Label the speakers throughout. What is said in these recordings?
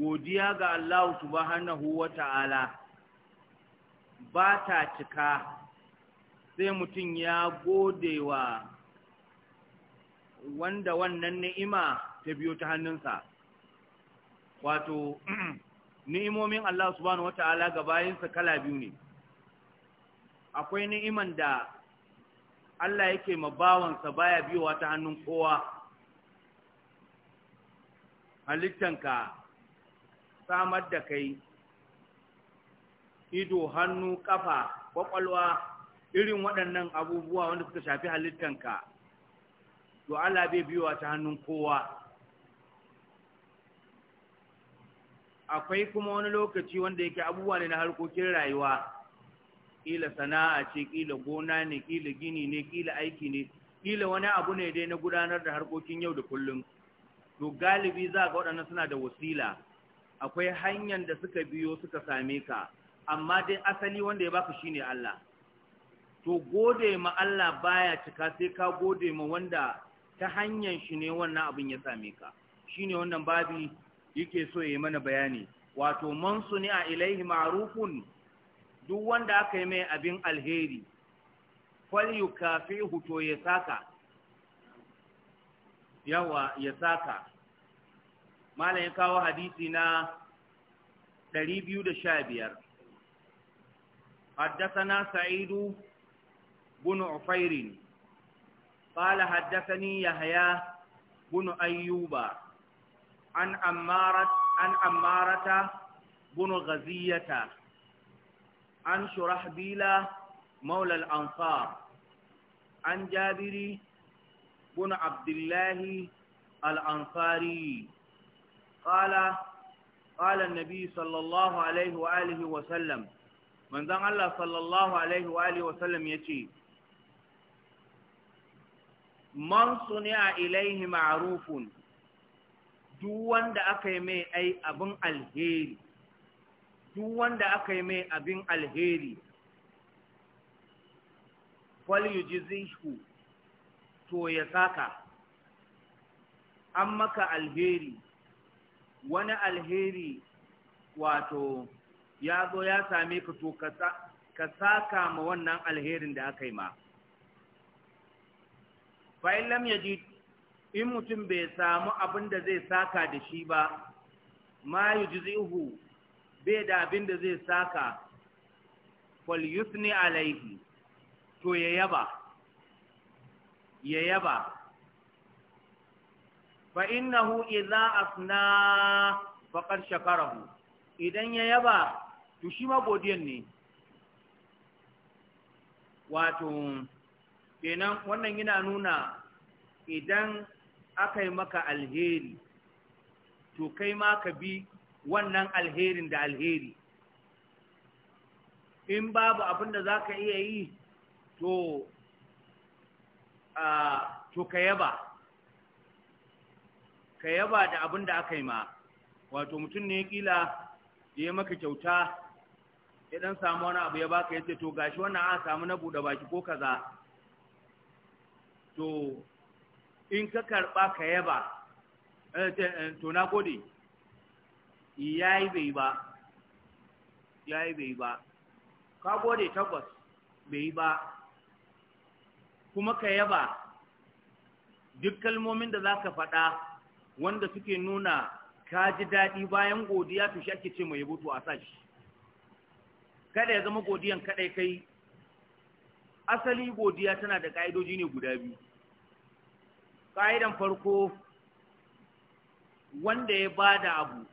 Speaker 1: godiya ga Allah subhanahu wa ta'ala ba ta cika sai mutum ya gode wa wanda wannan ni'ima ta biyo ta hannunsa wato ni'imomin Allah subhanahu wa ta'ala ga bayansa kala biyu ne akwai ni'iman da Allah yake mabawansa baya biyowa ta hannun kowa halittanka samar da kai ido hannu kafa kwakwalwa irin waɗannan abubuwa wanda suka shafi halittanka to Allah bai biyowa ta hannun kowa akwai kuma wani lokaci wanda yake abubuwa ne na harkokin rayuwa ƙila sana'a ce ƙila gona ne ƙila gini ne ƙila aiki ne ƙila wani abu ne dai na gudanar da harkokin yau da kullum to galibi za ga waɗannan suna da wasila akwai hanyar da suka biyo suka same ka amma dai asali wanda ya baka shine Allah to gode ma Allah baya cika sai ka gode ma wanda ta hanyar shi ne wannan abin ya same ka shine wannan babi yake so yayi mana bayani wato man a ilaihi ma'rufun duk wanda aka yi mai abin alheri yukafihu to ya saka yawa ya saka malam ya kawo hadisi na 215 haddathana sa'idu bin ufairin qala haddathani yahya bin ayyuba an ammarat an ammarata bin ghaziyata an shurahbila مولى الأنصار عن جابري بن عبد الله الأنصاري قال قال النبي صلى الله عليه وآله وسلم من ذن الله صلى الله عليه وآله وسلم يتي man ilaihi ma'rufun duk wanda aka yi mai abin alheri duk wanda aka to ya saka an maka alheri wani alheri wato ya zo ya same ka to ka saka ma wannan alherin da aka yi ma fa'in lam yaji in mutum bai samu abin da zai saka da shi ba ma yujzihu bai da abin da zai saka fal ne alaihi to ya yaba ya yaba fa iza idza asna faqad shakarahu idan ya yaba to shi ma godiyan ne wato kenan wannan yana nuna idan aka yi maka alheri to kai ma ka bi wannan alherin da alheri in babu abin da za ka iya yi to to ka yaba ka yaba da abin da aka yi ma wato mutum ne ya kila da ya maka kyauta ya dan samu wani abu ya baka ya ce to gashi wannan an samu na buɗe baki ko kaza to in ka karɓa ka yaba eh, eh, eh, to na gode ya yi bai ba ya yi bai ba ka gode tabbas bai ba kuma ka yaba duk kalmomin da za ka faɗa wanda suke nuna ka ji daɗi bayan godiya su shi ake ce mai yabo to a shi kada ya zama godiyan kaɗai kai asali godiya tana da ka'idoji ne guda biyu ka'idan farko wanda ya ba da abu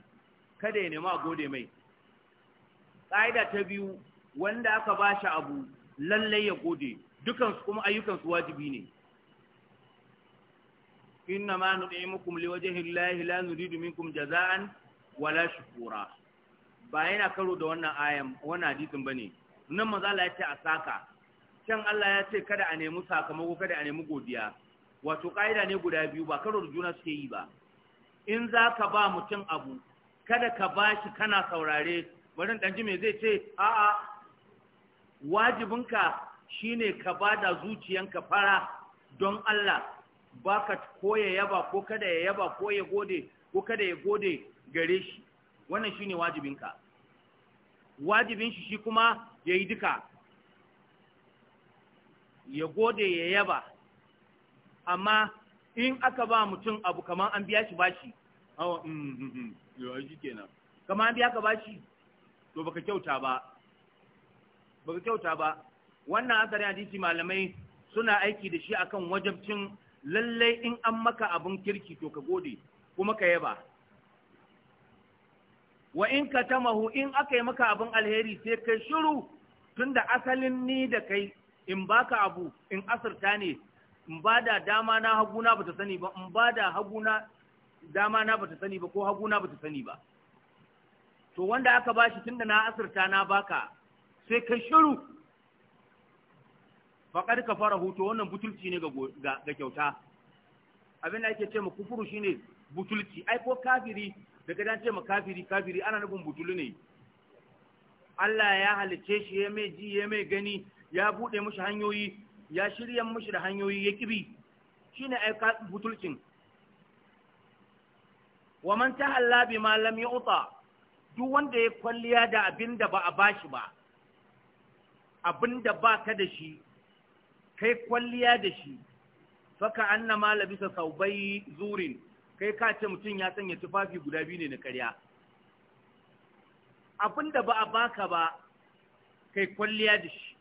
Speaker 1: kada ya nema gode mai ƙa'ida ta biyu wanda aka ba shi abu lallai ya gode dukansu kuma ayyukansu wajibi ne Inna إنما نطعمكم llahi la nuridu minkum jaza'an wala shukura Ba yana karo da wannan ayan wannan hadisin bane nan manzo Allah ya ce a saka can Allah ya ce kada a nemi sakamako kada a nemi godiya wato kaida ne guda biyu ba karo da juna suke yi ba in za ka ba mutum abu kada ka bashi kana saurare bari dan ji me zai ce a'a wajibinka shine ka bada zuciyanka fara don Allah baka ko ya yaba ko kada ya yaba ko ya gode ko kada ya gode gare shi wannan shine wajibinka wajibin shi shi kuma ya yi duka ya gode ya yaba amma in aka ba mutum abu kamar an biya shi shi awa oh, mm, mm, mm, mm shi kenan kamar an biya ka ba shi, to baka kyauta ba baka kyauta ba wannan asari hadisi malamai suna aiki da shi akan wajabcin lallai in an maka abin kirki to ka gode kuma ka yaba wa in ka tamahu in aka yi maka abin alheri sai kai shiru tunda asalin ni da kai in baka abu in asirta ne in ba da dama na haguna ba ta sani ba in ba da haguna dama na ba ta sani ba ko haguna ba ta sani ba to wanda aka bashi tunda na asirta na baka sai kai shiru faƙar ka fara hoto wannan butulci ne ga kyauta abin da ake ce ma kufuru ne butulci ai ko kafiri daga dan ce ma kafiri kafiri ana nufin butulu ne Allah ya halice shi ya mai ji ya mai gani ya buɗe mushi hanyoyi ya shirya mushi da hanyoyi ya kibi ne ai butulcin wa man tahalla bima lam yu'ta duk wanda ya kwalliya da abinda ba a bashi ba abin da ba ka da shi kai kwalliya da shi faka anna ma labisa saubai zurin kai ka ce mutum ya sanya tufafi guda biyu ne na karya abinda ba a baka ba kai kwalliya da shi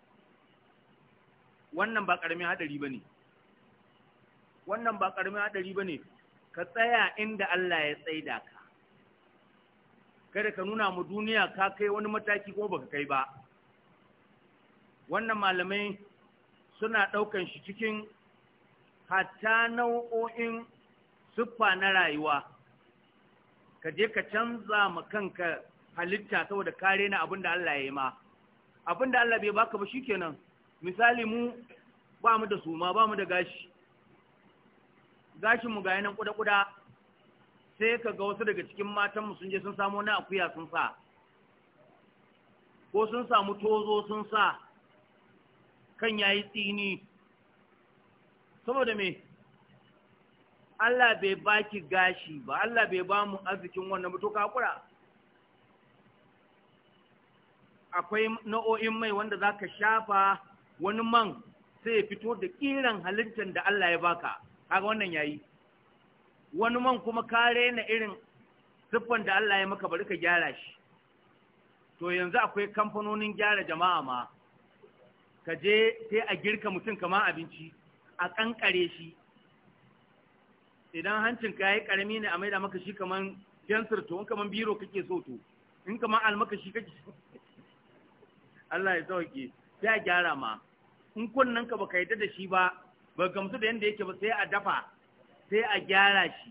Speaker 1: wannan ba karamin hadari bane wannan ba karamin hadari bane ka tsaya inda Allah ya tsaida ka kada ka nuna mu duniya ka kai wani mataki ko baka kai ba wannan malamai suna ɗaukan shi cikin hata nau'o'in siffa na rayuwa ka je ka canza ma kanka halitta saboda kare na abin da Allah ya yi ma abin da Allah bai baka ba shikenan misali mu ba mu da suma ba mu da gashi gashin mu ga yanan kuda-kuda sai ka ga wasu daga cikin matanmu sun je sun samo na akuya sun sa ko sun samu tozo sun sa kan ya yi tsini saboda me Allah bai baki gashi ba Allah bai ba mu arzikin wannan ba kakura akwai na'o'in mai wanda za ka shafa wani man sai ya fito da kiran halittar da Allah ya baka kaga wannan yayi wani man kuma kare na irin siffan da Allah ya maka bari ka gyara shi to yanzu akwai kamfanonin gyara jama'a ma ka je sai a girka mutum kama abinci a kankare shi idan hancin ka yi karami ne a maida maka shi kaman fensir to in kaman biro kake so to in kaman almakashi kake Allah ya sauke sai a gyara ma in kunnen ka baka yadda da shi ba ba gamsu da yanda yake ba sai a dafa sai a gyara shi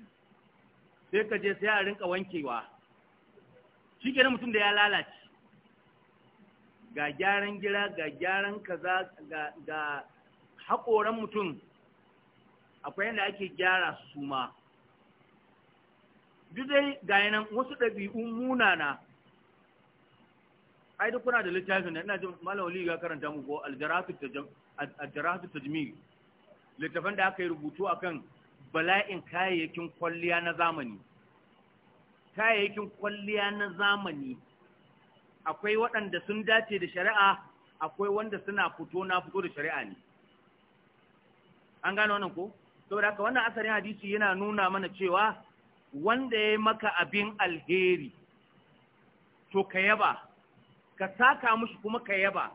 Speaker 1: sai ka je sai a rinka wankewa shi kenan mutum da ya lalace ga gyaran gira ga gyaran kaza ga haƙoran mutum akwai yadda ake gyara su ma duk dai ga yanan wasu ɗabi'un munana ai duk kuna da littafin da ina jin malam wali ga karanta mu ko aljaratu tajmi littafin da aka yi rubutu akan bala'in kayayyakin kwalliya na zamani kayayyakin kwalliya na zamani akwai waɗanda sun dace da shari'a akwai wanda suna fito na fito da shari'a ne an gano wannan ko saboda haka wannan asarin hadisi yana nuna mana cewa wanda ya maka abin alheri to ka yaba ka saka mushi kuma ka yaba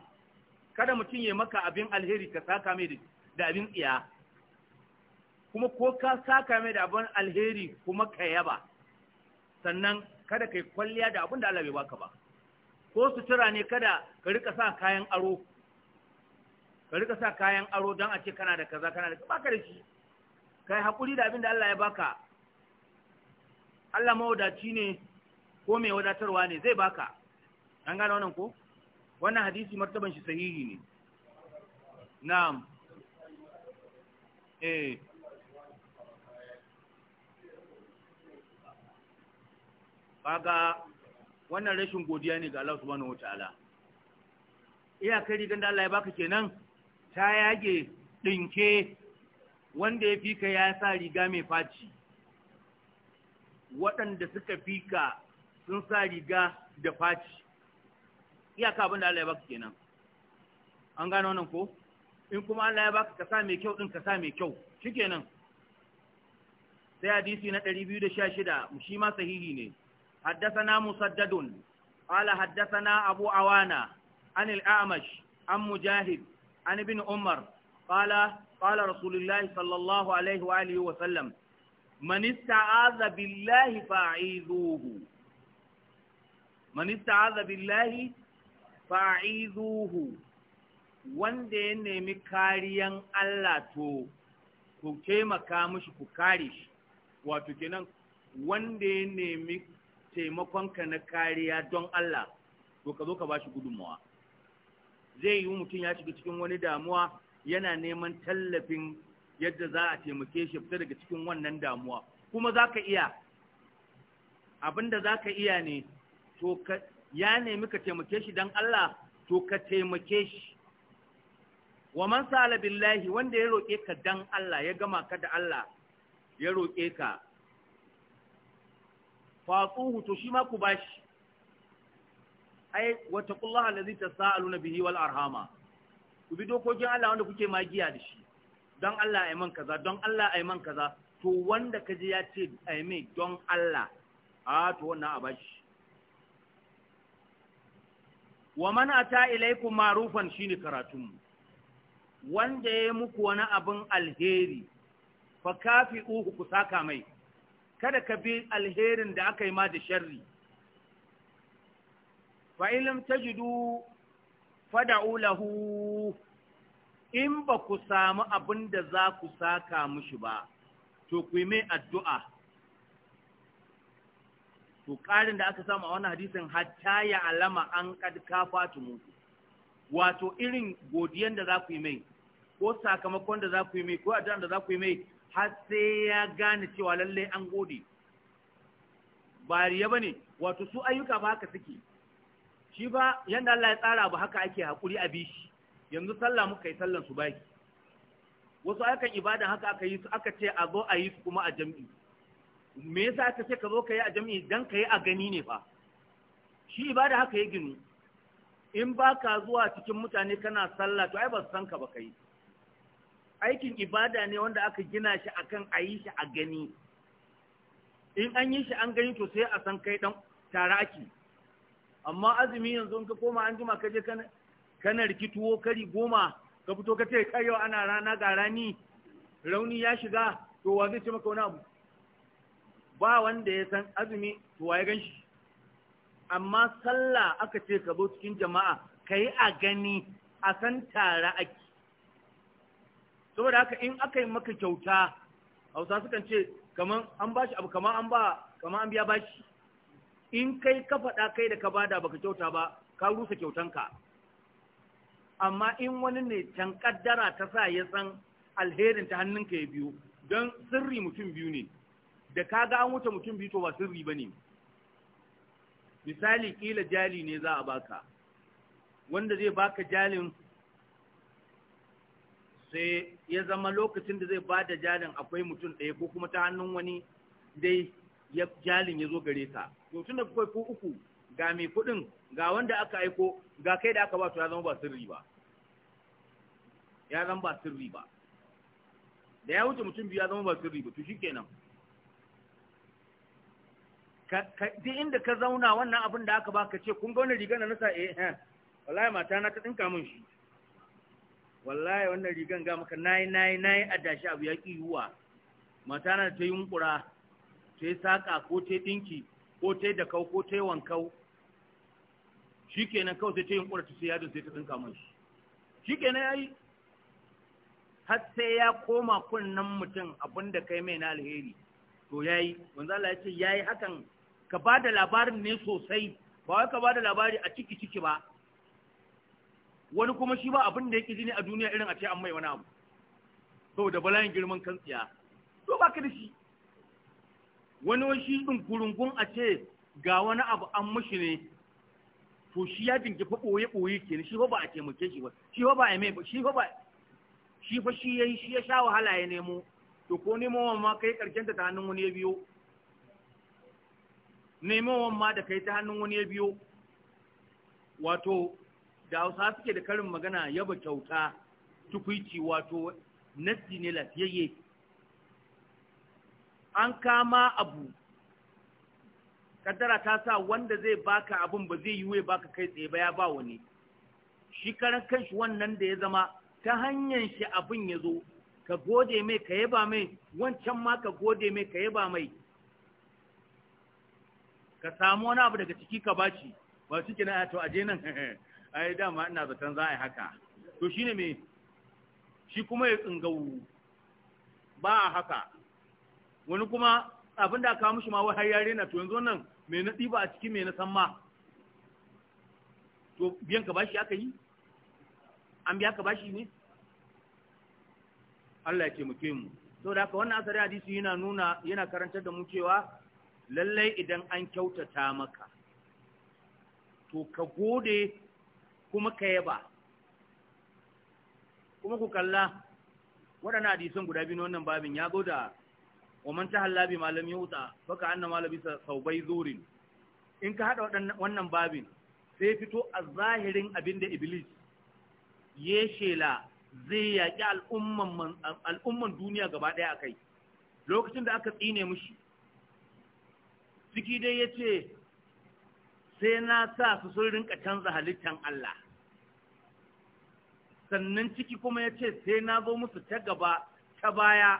Speaker 1: kada mutum ya maka abin alheri ka saka mai da abin tsiya kuma ko ka saka mai da abin alheri kuma ka yaba sannan kada ka yi kwalliya da abin da Allah bai baka ba ko sutura ne kada ka rika sa kayan aro ka rika sa kayan aro don a ce kana da kaza kana da baka da shi kai hakuri da abin da Allah ya baka Allah mawadaci ne ko mai wadatarwa ne zai baka an gane wannan ko wannan hadisi martaban shi sahihi ne na'am eh baga wannan rashin godiya ne ga Allah subhanahu wataala iyakar rigar da Allah ya baka kenan ta yage ɗinke wanda ya fika ya sa riga mai faci waɗanda suka fika sun sa riga da faci iyaka abin da Allah ya baka kenan an gano wannan ko in kuma Allah ya baka ka sa mai kyau ɗin ka sa mai kyau shikenan sai hadisi na 216 shi ma sahihi ne حدثنا مسدد قال حدثنا أبو عوانة عن الأعمش عن مجاهد عن ابن عمر قال قال رسول الله صلى الله عليه وآله وسلم من استعاذ بالله فأعيذوه man ista'aza billahi fa'izuhu wanda ya nemi kariyan Allah to ku taimaka mishi ku kare shi wato kenan wanda ya nemi taimakonka na kariya don Allah to ka zo ka bashi gudunmawa zai yi mutum ya shiga cikin wani damuwa yana neman tallafin yadda za a taimake shi fita daga cikin wannan damuwa kuma za ka iya abinda za ka iya ne to ka ya nemi ka taimake shi don Allah to ka taimake shi wa man sa'ala billahi wanda ya roƙe ka don Allah ya gama ka da Allah ya roƙe ka fatsuhu to shi ma ku bashi ai wattaqullaha allazi tasaaluna bihi wal arhama ku bi dokokin Allah wanda kuke magiya da shi don Allah ai man kaza don Allah ai man kaza to wanda kaje ya ce ai mai don Allah a to wannan a bashi wa man ata ilaikum ma'rufan shine karatun wanda ya yi muku wani abin alheri fa kafi uku ku saka mai kada ka bi alherin da aka yi ma da sharri fa ilim tajidu fada'u lahu in ba ku samu abin da za ku saka mushi ba to ku yi mai addu'a to ƙarin da aka samu a wannan hadisin hatta ya alama an ƙadka fatumu wato irin godiyan da za ku yi mai ko sakamakon da za ku yi mai ko addu'an da za ku yi mai har sai ya gane cewa lallai an gode ba riya bane wato su ayyuka ba haka suke shi ba yanda Allah ya tsara ba haka ake hakuri a bishi yanzu sallah muka yi sallan su baki wasu ayyukan ibada haka aka yi su aka ce a zo a yi su kuma a jami'i me yasa aka ce ka zo ka yi a jami'i dan ka yi a gani ne fa shi ibada haka ya ginu in ba ka zuwa cikin mutane kana sallah to ai ba su san ka ba kai aikin ibada ne wanda aka gina shi akan a shi a gani in an yi shi an gani to sai a san kai dan tare ake amma azumi yanzu in ka koma an jima ka je kana rikituwo kari goma ka fito ka ce kai yau ana rana ga rani rauni ya shiga to wa zai ce maka wani abu ba wanda ya san azumi to wa ya gan amma sallah aka ce ka zo cikin jama'a ka yi a gani a san tare ake saboda haka in aka yi maka kyauta hausa sukan ce kaman an bashi abu kaman an ba kamar an biya bashi in kai ka faɗa kai da ka bada baka kyauta ba ka rusa kyautanka amma in wani ne can kaddara ta sa ya san alherin ta hannunka ya biyu, don sirri mutum biyu ne da ka ga an wuce mutum biyu to ba sirri ba ne misali kila jali ne za a baka wanda zai baka jalin sai ya zama lokacin da zai ba da jalin akwai mutum ɗaya ko kuma ta hannun wani dai ya jalin ya zo gare ka to tun da kai ku uku ga mai kuɗin ga wanda aka aiko ga kai da aka ba su ya zama ba sirri ba ya zama ba sirri ba da ya wuce mutum biyu ya zama ba sirri ba to shikenan duk inda ka zauna wannan abin da aka baka ce kun ga wani riga na nasa eh, eh wallahi mata na ta dinka mun shi wallahi wannan rigan ga maka nayi nayi nayi adashi abu ya ki yuwa mata na ta yunkura ta yi saƙa ko ta dinki ko ta da kau ko ta yi wankau shikenan kawai sai ta yunkura ta sai yadon sai ta dinka mai shikenan yayi har sai ya koma kunnen mutum abinda kai mai na alheri to yayi manzo Allah ya ce yayi hakan ka ba da labarin ne sosai ba wai ka ba da labari a ciki ciki ba wani kuma shi ba abin da yake jini a duniya irin a ce an mai wani abu da bala'in girman kan tsiya to ka da shi wani shi din kurungun a ce ga wani abu an mushi ne to shi ya dinga fa boye boye ke shi fa ba a taimake shi ba shi ba a mai shi ba shi fa shi yayi shi ya sha wahala ya nemo to ko nemo ma kai karshen ta hannun wani ya biyo nemo ma da kai ta hannun wani ya biyo wato da hausa suke da karin magana yaba kyauta tukwici wato nasi ne lafiyayye an kama abu kaddara ta sa wanda zai baka abun ba zai yiwuwa baka kai tsaye ba ya ba wani shi karan kanshi wannan da ya zama ta hanyar shi abin ya zo ka gode mai ka yaba mai wancan ma ka gode mai ka yaba mai ka samu wani abu daga ciki ka baci ba su kina ya to nan ai dama ina zaton za a yi haka to shi ne me shi kuma ya tsingawu ba a haka wani kuma abin da aka mishi ma wai har yare na to yanzu wannan me na ɗiba a cikin me na san ma to biyan ka bashi aka yi an biya ka bashi ne Allah ya taimake mu saboda haka wannan asari hadisi yana nuna yana karantar da mu cewa lallai idan an kyautata maka to ka gode kuma ka yaba kuma ku kalla waɗannan hadisan guda biyu na wannan babin ya zo da wa manta tahalla bi malam wuta, baka anna malabi bai zurin in ka haɗa wannan babin sai fito a zahirin da iblis ya shela zai yaƙi al'umman duniya gaba ɗaya a kai. lokacin da aka tsine mushi ciki dai ya ce sai na sa su sun rinka canza halittan Allah sannan ciki kuma ya ce sai na zo musu ta gaba ta baya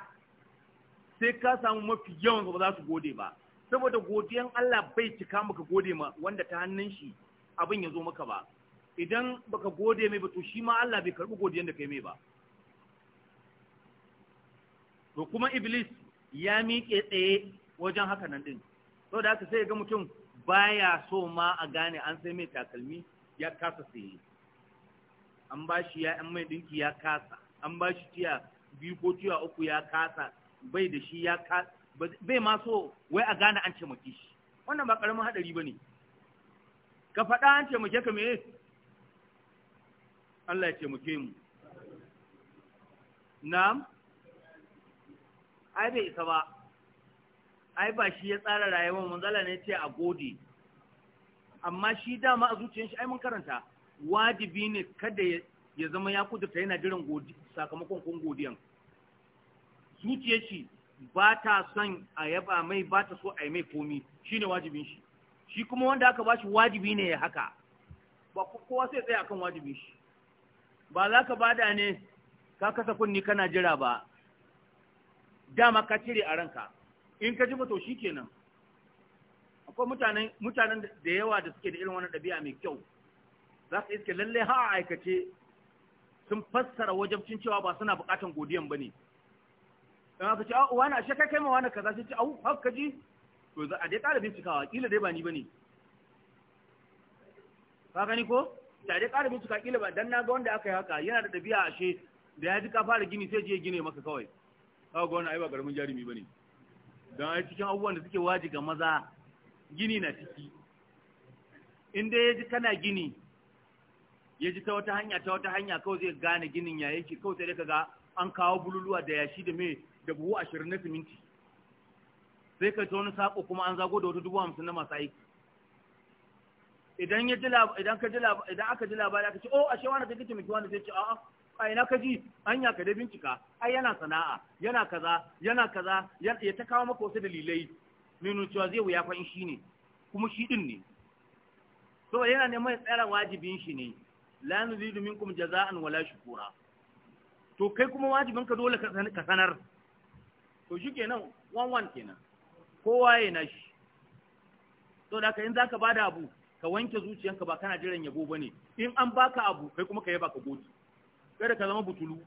Speaker 1: sai ka samu mafi yawan ba za su gode ba saboda godiyan Allah bai cika maka gode ma wanda ta hannun shi abin ya zo maka ba idan baka gode mai ba to shi ma Allah bai karbi godiyan da kai mai ba to kuma iblis ya miƙe tsaye wajen haka nan din saboda haka sai ga mutum baya so ma a gane an sai mai takalmi ya kasa saye an ba shi ya an mai dinki ya kasa an ba shi tiya biyu ko tiya uku ya kasa bai da shi ya kasa bai ma so wai a gane an taimake shi wannan ba karamin hadari ne ka faɗa an taimake ka me Allah ya taimake mu na'am ai bai isa ba ai ba shi ya tsara rayuwar manzala ne ce a gode amma shi dama a zuciyar shi ai mun karanta wajibi ne kada ya zama ya kudurta yana jiran sakamakon kun godiyan zuciya shi ba ta son a yaba mai ba ta so a yi mai komi ne wajibin shi shi kuma wanda aka ba shi wajibi ne ya haka ba kowa sai tsaye akan wajibin shi ba za ka bada ne ka kasa kunni kana jira ba dama ka cire a ranka in ka ji to shi kenan akwai mutanen da yawa da suke da irin wani ɗabi'a mai kyau za ka iske lalle ha a aikace sun fassara wajabcin cewa ba suna bukatan godiyan ba ne in haka ce a ah, wani ashe kai kai na, ka za su ce au haka ji to za a dai ƙara bincikawa kila dai ba ni ba ne ka gani ko ta dai ƙara bincika kila ba dan na ga wanda aka yi haka yana da ɗabi'a ashe da ya ji ka fara gini sai je gine maka kawai kawo ga wani ai ba ƙaramin jarumi ba ne don ai cikin abubuwan da suke waji ga maza gini na ciki in dai ya ji kana gini ya ji ta wata hanya ta wata hanya kawai zai gane ginin ya yake kawai sai daga ga an kawo bululuwa da yashi da mai da buhu ashirin na siminti sai ka ta wani sako kuma an zago da wata dubu hamsin na masu aiki idan ya ji idan ka ji idan aka ji labari aka ce oh ashe wani gita miki wani zai ce a'a a ina ka ji hanya ka da bincika ai yana sana'a yana kaza yana kaza ya ta kawo maka wasu dalilai nuna cewa zai wuya kwan shi ne kuma shi din ne to yana neman tsara wajibin shi ne la nuridu minkum jaza'an wala shukura to kai kuma wajibin ka dole ka sanar to shikenan wan wan kenan kowa ya nashi to da ka in zaka bada abu ka wanke zuciyanka ba kana jiran yabo bane in an baka abu kai kuma ka yaba ka gode kada ka zama butulu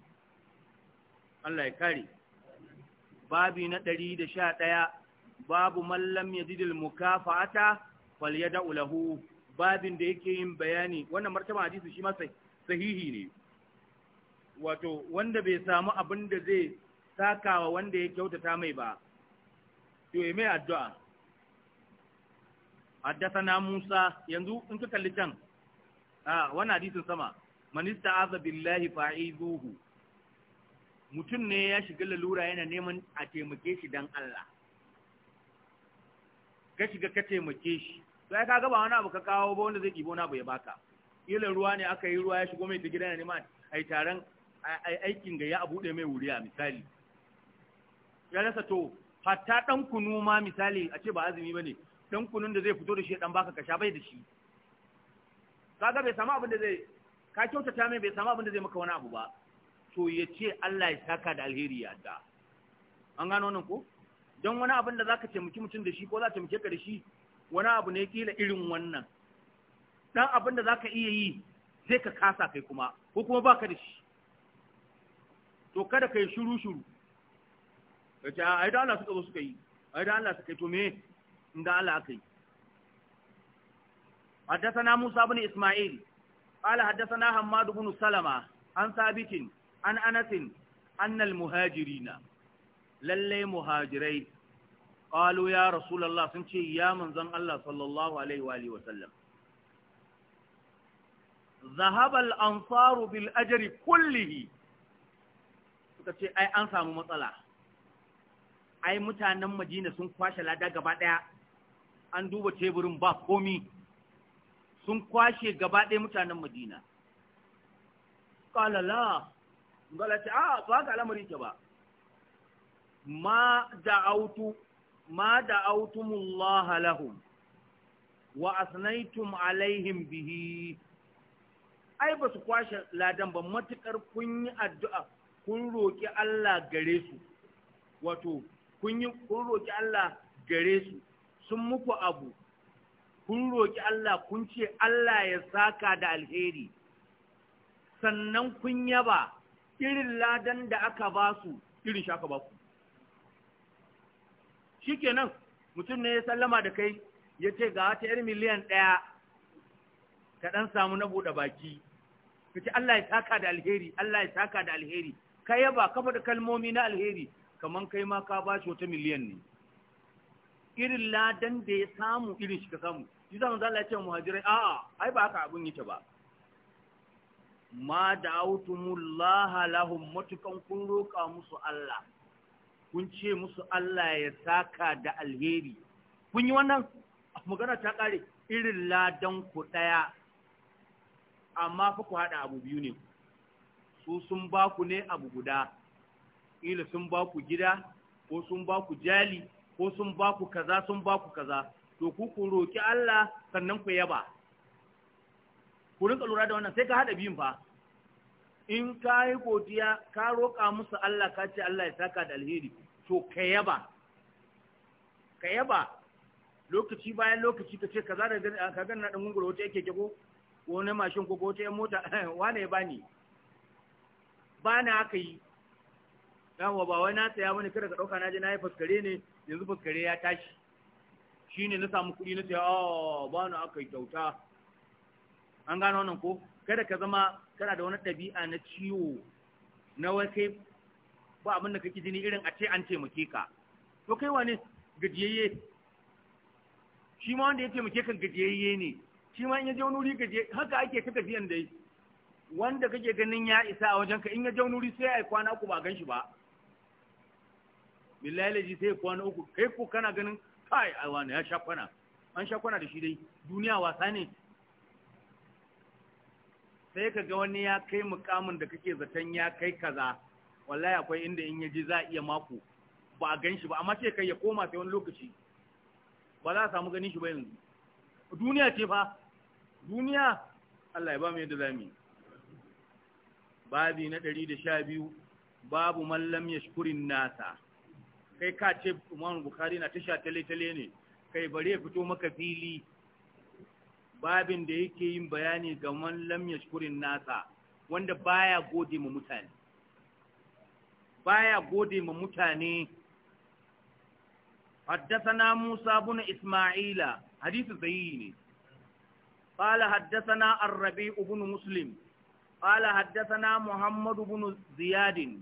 Speaker 1: Allah ya kare babi na 111 babu mallam lam mukafa'ata falyada'u lahu babin da yake yin bayani wannan martaba hadisi shi ma sahihi ne wato wanda bai samu abin da zai takawa wanda ya kyautata mai ba to yi mai addu'a na, Musa yanzu in ka kalli can a wani hadisin sama manista aza billahi fa'izuhu mutum ne ya shiga lalura yana neman a taimake shi dan Allah ka shiga ka taimake shi to ai kaga ba wani abu ka kawo ba wanda zai ɗibo na bai baka kila ruwa ne aka yi ruwa ya shigo mai ta gidan ne ma ai taron aikin gayya a buɗe mai wuriya misali ya rasa to hatta ɗan kunu ma misali a ce ba azumi ba ne ɗan kunun da zai fito da shi ɗan baka ka sha bai da shi kaga bai samu abin da zai ka kyautata mai bai samu abin da zai maka wani abu ba to ya ce Allah ya saka da alheri ya da an gano nan ko don wani abin da zaka taimaki mutum da shi ko za ta taimake ka da shi wani abu ne kila irin wannan dan abin da zaka iya yi sai ka kasa kai kuma ko kuma baka da shi to kada kai shiru shiru ka ce ai da Allah suka zo suka yi ai da Allah suka yi to me inda Allah aka yi حدثنا موسى بن إسماعيل قال حدثنا حماد بن سلمة عن ثابت عن أنس أن المهاجرين للي مهاجرين qalu ya rasulullah sun ce ya manzon Allah sallallahu alaihi wa alihi wa sallam ذهب الأنصار بالأجر كله ce an samu matsala ai mutanen Madina sun kwashe lada gaba an duba teburin ba komi sun kwashe gaba daya mutanen Madina qala la ngala a ah, ba ga al'amari ke ba ma da'autu ma da autumullaha lahum wa asnaitum alaihim bihi ai ba su kwashe ladan ba matukar kun yi addu'a kun roƙi Allah gare su wato kun yi kun roƙi Allah gare su sun muku abu kun roƙi Allah kun ce Allah ya saka da alheri sannan kun yaba irin ladan da aka ba su irin shaka ba ku shikenan mutum ne ya sallama da kai ya ce ga wata yar miliyan ɗaya ka ɗan samu na buɗe baki ka ce Allah ya saka da alheri Allah ya saka da alheri ka yaba kafa da kalmomi na alheri kamar kai ma ka shi wata miliyan ne irin ladan da ya samu irin shi ka samu shi zama zala ce muhajirai a'a ai ba haka abin yake ba ma da autumullaha lahum matukan kun roƙa musu Allah kun ce musu Allah ya saka da alheri kun yi wannan ah, magana ta ƙare irin ladan ku ɗaya amma fa ku haɗa abu biyu ne su sun ba ku ne abu guda ila sun ba ku gida ko sun ba ku jali ko sun ba ku kaza sun ba ku kaza to ku ku roki Allah sannan ku yaba ku rinka lura da wannan sai ka haɗa biyun fa in ka yi godiya ka roƙa musu Allah ka ce Allah ya saka da alheri to ka yaba ka yaba lokaci bayan lokaci ka ce za da ka ganna dan hungura wata yake ko ko na mashin ko wata yan mota wane ya bani ba na haka yi yawa ba wai na tsaya wani kada ka ɗauka na je na yi faskare ne yanzu faskare ya tashi Shi ne na samu kuɗi na tsaya? oh ba na aka yi kyauta an gano wannan ko kada ka zama kana da wani ɗabi'a na ciwo na wai kai ba abin da kake jini irin a ce an taimake ka to kai wane gajiyayye shi ma wanda ya taimake kan gajiyayye ne shi ma in ya je wuri gajiye haka ake ta gajiyan dai wanda kake ganin ya isa a wajenka in ya je wani wuri sai ai kwana uku ba gan shi ba billahi laji sai kwana uku kai ko kana ganin kai ai wani ya sha kwana an sha kwana da shi dai duniya wasa ne sai ka ga wani ya kai mukamin da kake zaton ya kai kaza wallahi akwai inda in yaji za a iya mako ba a gan shi ba amma sai kai ya koma sai wani lokaci ba za a samu ganin shi ba yanzu duniya ce fa duniya Allah ya ba mu yadda zamu babi na 112 babu man yashkurin nasa kai ka ce Imam Bukhari na tasha tale tale ne kai bari ya fito maka fili babin da yake yin bayani ga man yashkurin nasa wanda baya gode mu mutane baya gode ma mutane حدثنا موسى بن إسماعيل حديث زيني قال حدثنا الربيع بن مسلم قال حدثنا محمد بن زياد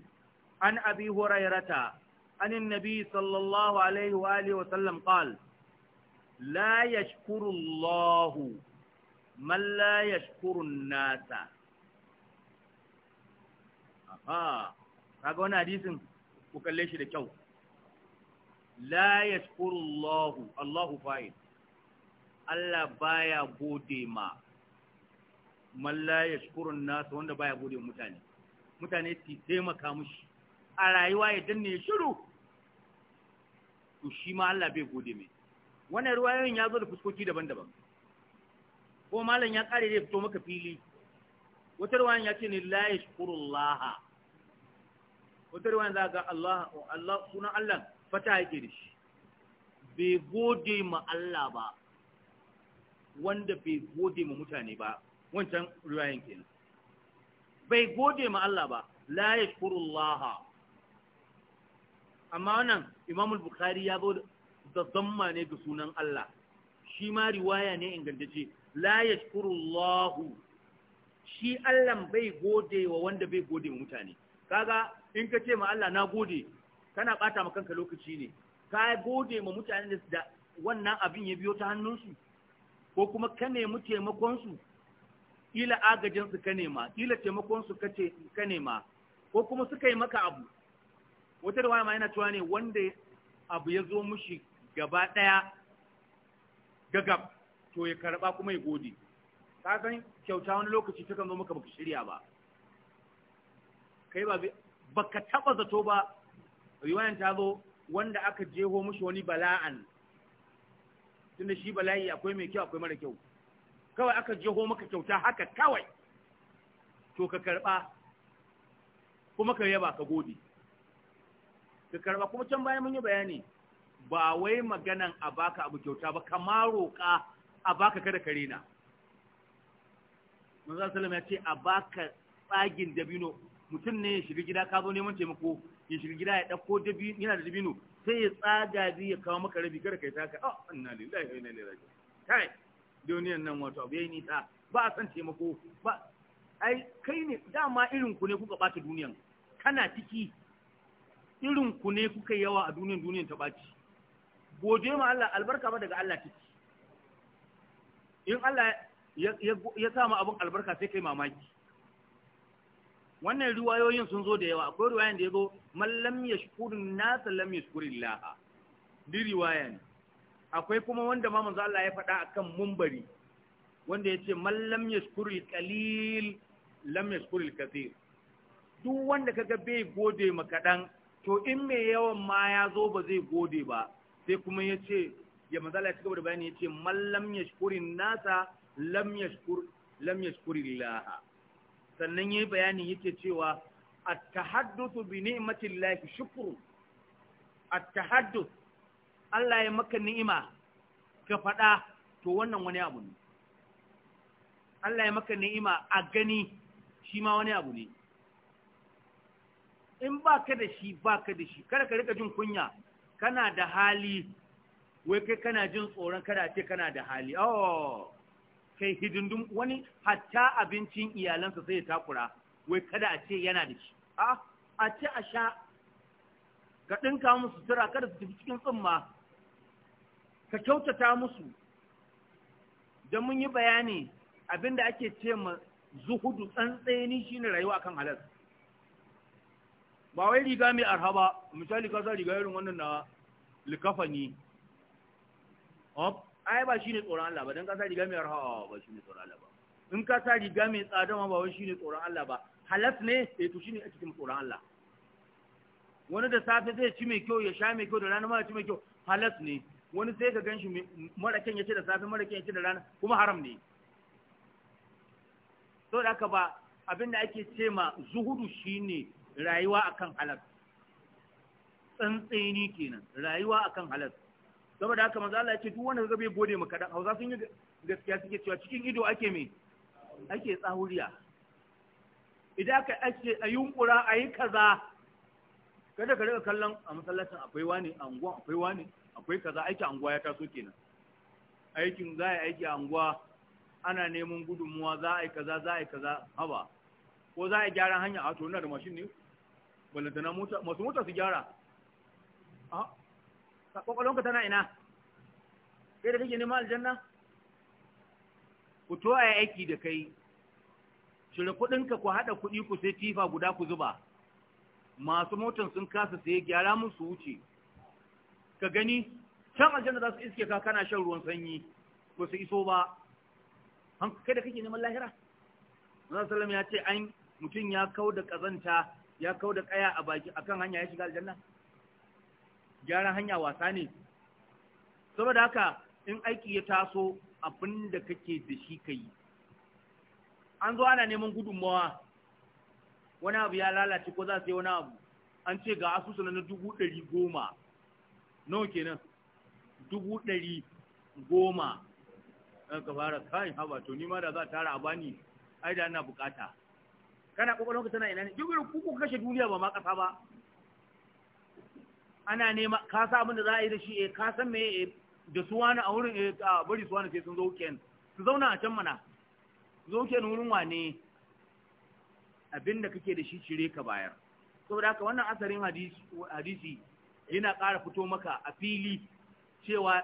Speaker 1: عن أبي هريرة عن النبي صلى الله عليه وآله وسلم قال لا يشكر الله من لا يشكر الناس kaga wani hadisin ku kalle shi da kyau la yashkuru Allah Allahu fa'il Allah baya gode ma Malla ya shukuru nas wanda baya gode mutane mutane su taimaka mushi a rayuwa ya danne shiru to shi ma Allah bai gode mai wannan ruwayoyin ya zo da fuskoki daban-daban ko malam ya kare ya fito maka fili wata ruwayan ya ce ne la yashkurullaha wata ruwan za ga Allah sunan Allah fata yake da shi bai gode ma Allah ba wanda bai gode ma mutane ba wancan ruwayan kenan bai gode ma Allah ba la yashkurullaha amma wannan Imam al-Bukhari ya zo da zamma ne ga sunan Allah shi ma riwaya ne ingantacce la yashkurullahu shi Allah bai gode wa wanda bai gode ma mutane kaga in ka ce ma Allah na gode kana bata ma kanka lokaci ne ka gode ma mutanen da wannan abin ya biyo ta hannunsu ko kuma ka nemi taimakonsu ila agajinsu ka nema ila taimakonsu ka nema ko kuma suka yi maka abu wata da ma yana cewa ne wanda abu ya zo mushi gaba ɗaya gagab to ya karba kuma ya gode ka san kyauta wani lokaci ta kan zo maka baka shirya ba kai ba baka taba zato ba riwayan ta zo wanda aka jeho mushi wani bala'an tunda shi bala'i akwai mai kyau akwai mara kyau kawai aka jeho maka kyauta haka kawai to ka karba kuma ka yaba ka gode ka karba kuma can bayan mun yi bayani ba wai maganan a baka abu kyauta ba kama roƙa a baka kada ka rena manzo sallallahu alaihi wasallam ya ce a baka tsagin dabino mutum ne ya shiga gida ka zo neman taimako ya shiga gida ya ɗauko dabino yana da dabino sai ya tsaga bi ya kawo maka rabi kada kai taka oh inna lillahi wa inna ilaihi raji'un kai duniyan nan wato abu yayi nisa ba a san taimako ba ai kai ne dama irin ku ne kuka ɓata duniyan kana ciki irin ku ne kuka yawa a duniyan duniyan ta ɓaci? gode ma Allah albarka ba daga Allah ciki in Allah ya sa mu abun albarka sai kai mamaki wannan riwayoyin sun zo da yawa akwai riwayan da ya zo mallam ya shukurin nasa sallam ya shukurin laha di riwaya ne akwai kuma wanda ma manzo Allah ya faɗa akan mumbari wanda ya ce mallam ya shukurin kalil lam ya shukurin kathir duk wanda kaga bai gode ma kaɗan to in mai yawan ma ya zo ba zai gode ba sai kuma ya ce ya manzo Allah ya cigaba da bayani ya ce mallam ya shukurin nasa lam ya lam ya shukurin laha sannan yi bayani yake cewa at-tahadduth bi ni'matillahi shukuru. at haddu. Allah ya maka ni'ima ka faɗa to wannan wani abu ne Allah ya maka ni'ima a gani shi ma wani abu ne in ba ka da shi ba ka da shi kada ka rika jin kunya kana da hali wai kai kana jin tsoron kada ce kana da hali oh sai hidindun wani hatta abincin iyalansa sai ya takura wai kada a ce yana da shi a a ce a sha ka ɗinka musu sutura kada su tafi cikin tsumma ka kyautata musu don mun yi bayani abinda ake ce ma zuhudu shi ne rayuwa kan halar. ba wai riga mai arha ba misali ka sa riga irin wannan na ne ai ba shine tsoron Allah ba dan ka sa riga mai rahawa ba shine tsoron Allah ba in ka sa riga mai tsada ma ba wai shine tsoron Allah ba halas ne sai eh, to shine ake cikin tsoron Allah wani da safe zai ci mai kyau ya sha mai kyau da rana ma ya ci mai kyau halas ne wani sai ka ganshi mara kyan ya ce da safe mara kyan ya ce da rana kuma haram ne to da haka ba abin da ake ce ma zuhudu shine rayuwa akan halas tsantseni kenan rayuwa akan halas saboda haka manzo Allah ya ce duk wanda kaga bai gode maka da Hausa sun yi gaskiya suke cewa cikin ido ake me ake tsahuriya idan ka ake a yunkura a yi kaza kada ka rika kallon a masallacin akwai wani anguwa akwai wani akwai kaza aiki anguwa ya taso kenan aikin za a aiki anguwa ana neman gudunmuwa za a yi kaza za a yi kaza haba ko za a gyaran hanya a to da mashin ne ballantana mota masu mota su gyara ah, kwakwalonka tana ina kai da kake neman aljanna ku to a aiki da kai Shirin kudinka ku haɗa kuɗi ku sai tifa guda ku zuba masu motan sun kasa sai gyara musu wuce ka gani can aljanna za su iske ka kana shan ruwan sanyi ba su iso ba kai da kake neman lahira Musa sallam ya ce an mutum ya kau da kazanta ya kau da kaya a baki akan hanya ya shiga aljanna gyaran hanya wasa ne saboda haka in aiki ya taso abin da kake da shi ka yi an zo ana neman gudunmawa wani abu ya lalace ko za su yi wani abu an ce ga asusu na dubu ɗari goma nawa kenan dubu ɗari goma ɗan kafara fara kayan haba to nima da za a tara a bani ai da ana bukata kana kokarin ka tana ina ne duk kuku kashe duniya ba ma kasa ba ana nema ka sa abin da za a yi da shi eh ka san me eh da su wani a wurin eh bari su wani sai sun zo ken su zauna a can mana zo ken wurin wane Abinda kake da shi cire ka bayar saboda haka wannan asarin hadisi yana ƙara fito maka a fili cewa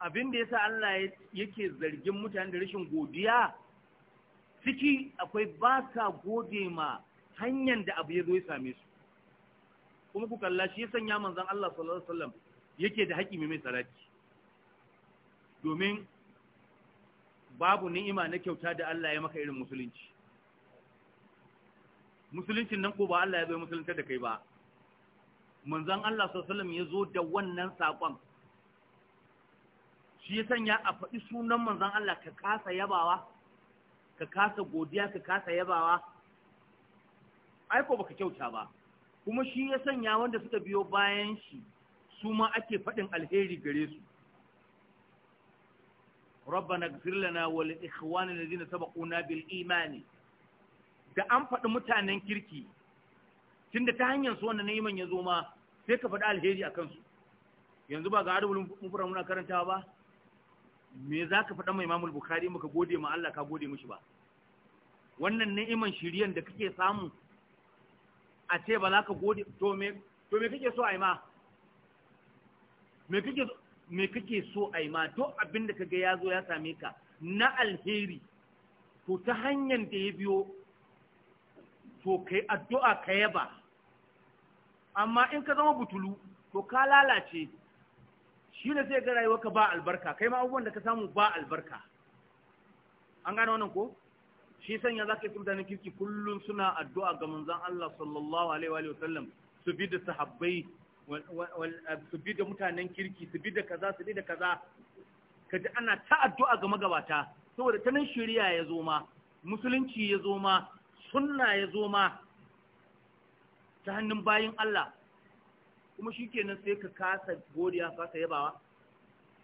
Speaker 1: abinda da yasa Allah yake zargin mutane da rashin godiya ciki akwai ba sa gode ma hanyar da abu ya zo ya same su kuma ku kalla shi ya sanya manzon Allah sallallahu alaihi wasallam yake da haƙi mai salati domin babu ni'ima na kyauta da Allah ya maka irin musulunci musuluncin nan ko ba Allah ya bai musulunta da kai ba manzon Allah sallallahu alaihi wasallam ya zo da wannan sakon shi ya sanya a faɗi sunan manzon Allah ka kasa yabawa ka kasa godiya ka kasa yabawa ai ko baka kyauta ba kuma shi ya sanya wanda suka biyo bayan shi su ma ake faɗin alheri gare su rabbana gfir lana wa li alladhina sabaquna bil imani da an faɗi mutanen kirki tunda ta hanyar su wannan neman ya zo ma sai ka faɗi alheri a kansu yanzu ba ga adabul mufara muna karantawa ba me za ka faɗa mai imamul bukhari maka gode ma Allah ka gode mishi ba wannan ni'iman shiriyan da kake samu a ce ba za ka gode to me to me kake so a yi ma me kake so a yi ma to abin da kage ya zo ya same ka na alheri to ta hanyar da ya biyo to kai addu'a ka yaba amma in ka zama butulu to ka lalace shi ne sai ga ka ba albarka kai ma abubuwan da ka samu ba albarka an gane wannan ko shi sanya za ka yi mutanen kirki kullum suna addu'a ga manzan Allah sallallahu Alaihi wasallam su bi da sahabbai su bi da mutanen kirki su bi da kaza su bi da kaza ka ji ana ta addu'a ga magabata saboda ta nan shirya ya zo ma musulunci ya zo ma sunna ya zo ma ta hannun bayin Allah kuma shi kenan sai ka kasa godiya kasa yabawa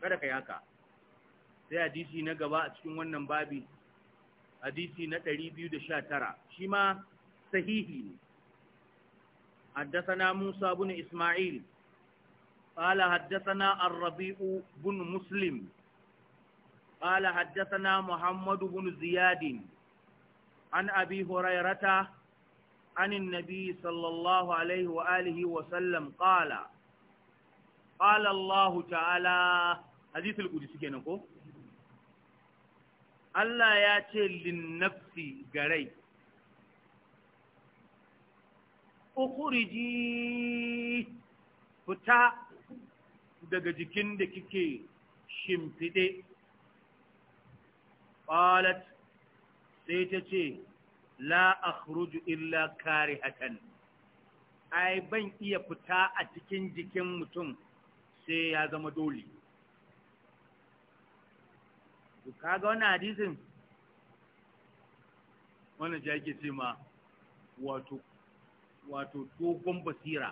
Speaker 1: kada ka yaka sai hadisi na gaba a cikin wannan babi hadisi na ɗari biyu da sha tara shi ma sahihi ne na musa bin ismail ƙala haddasana arrabi'u bun muslim ƙala haddasana muhammadu bun ziyadin an abi hurairata عن النبي صلى الله عليه وآله وسلم قال قال الله تعالى حديث القدس كنكو Allah ya ce linnafsi ga rai ukuriji fita daga jikin da kike shimfiɗe ƙwalat sai ta ce la akhruju illa kare hatan ai ban iya fita a cikin jikin mutum sai ya zama dole Ka kaga wannan hadisin wannan ji ake ce ma wato wato dogon basira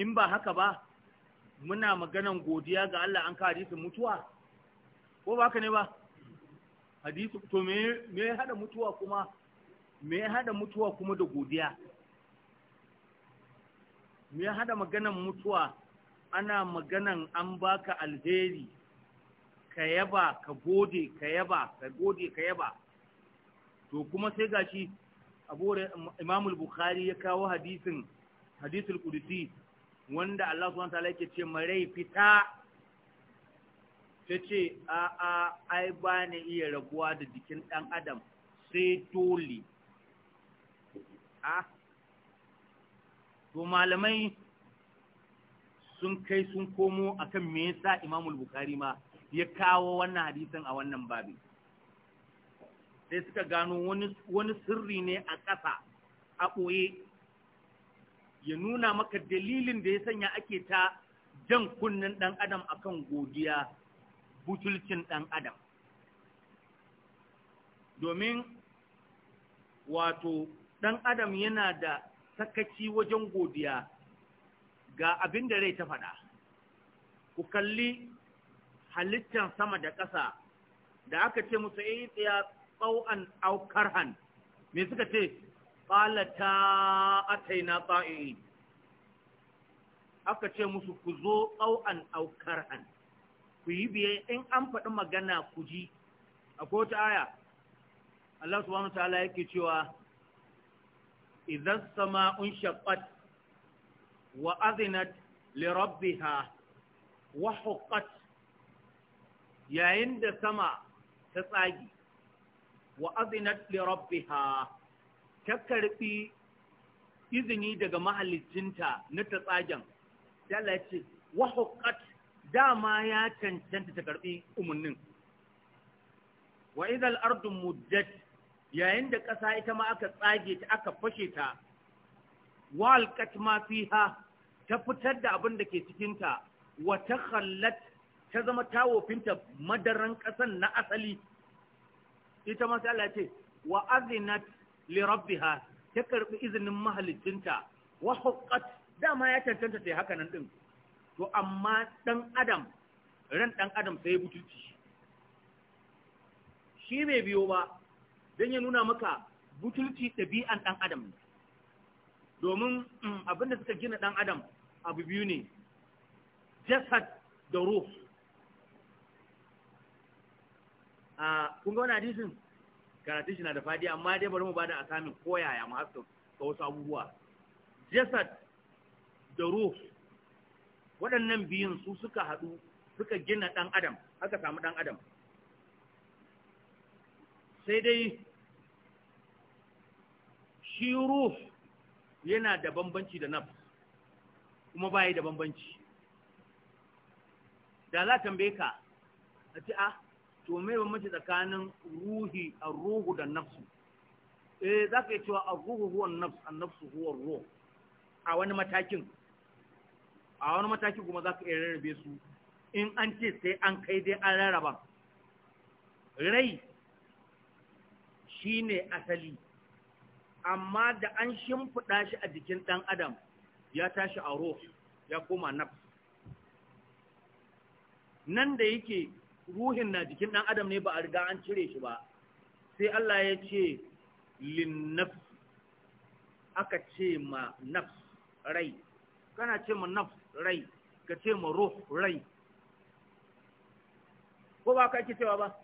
Speaker 1: in ba haka ba muna maganan godiya ga Allah an ka hadisin mutuwa ko ba ka ne ba hadisi to me me hada mutuwa kuma me hada mutuwa kuma da godiya me hada maganan mutuwa ana maganan an baka alheri ka yaba ka gode ka yaba ka gode ka yaba to kuma sai gashi abu Imam al-Bukhari ya kawo hadisin hadisul qudsi wanda Allah subhanahu wa ta'ala yake ce marai fita ta ce a a ai ba ne iya raguwa da jikin ɗan adam sai dole a to malamai sun kai sun komo akan me yasa imamul Bukhari ma ya kawo wannan hadisin a wannan babi sai suka gano wani sirri ne a ƙasa a ɓoye ya nuna maka dalilin da ya sanya ake ta jan kunnen ɗan adam akan godiya butulcin ɗan adam domin wato ɗan adam yana da sakaci wajen godiya ga abin da rai ta faɗa ku kalli Halittar sama da ƙasa da aka ce musu yi eh, tsaya aukar han me suka ce ƙalata ataina tsai? aka ce musu ku zo tsawon aukar han ku yi biye in an faɗi magana ku ji A wata aya Allah subhanahu wa ta'ala yake cewa idan sama un shaqqat wa azinat li rabbiha wa huqqat yayin da sama ta tsagi wa azinat li rabbiha ta karbi izini daga mahallicinta na ta tsagen dala ce wa huqqat dama ya cancanta ta karbi umunnin wa idal ardu muddat yayin da ƙasa ita ma aka tsage ta aka fashe ta walqat ma fiha ta fitar da abin da ke cikinta wa ta khallat ta zama tawofinta madaran ƙasan na asali ita ma Allah ce wa azinat li rabbiha ta karbi izinin mahalicinta wa huqqat dama ya tantanta sai haka nan din to amma dan adam ran ɗan adam sai butulci shi bai biyo ba dan ya nuna maka butulci ɗabi'an ɗan adam ne domin mm, abinda suka gina ɗan adam abu biyu ne jasad da ruh a kun wani hadisin karatun shi na da fadi amma dai bari mu ba da asamin koyaya mu haska ga wasu abubuwa jasad da ruh waɗannan biyun su suka haɗu suka gina ɗan adam aka samu ɗan adam sai dai shi ruh yana da bambanci da nafs kuma bayi da bambanci da za tambaye ka a ce a ah, to mai bambanci tsakanin ruhi a ruhu da nafsu eh za ka yi cewa a ruhu huwan nafsu a nafsu huwan ruhu a wani matakin a wani mataki kuma za ka iya rarrabe su in an ce sai an kai dai an rarraba rai shi ne asali amma da an shimfiɗa shi a jikin ɗan adam ya tashi a ruhu ya koma nafsu nan da yake ruhin na jikin ɗan adam ne ba a riga an cire shi ba sai Allah ya ce linnafs aka ce ma nafs rai kana ce ma nafs rai ka ce ma ruh rai ko ba ka ake cewa ba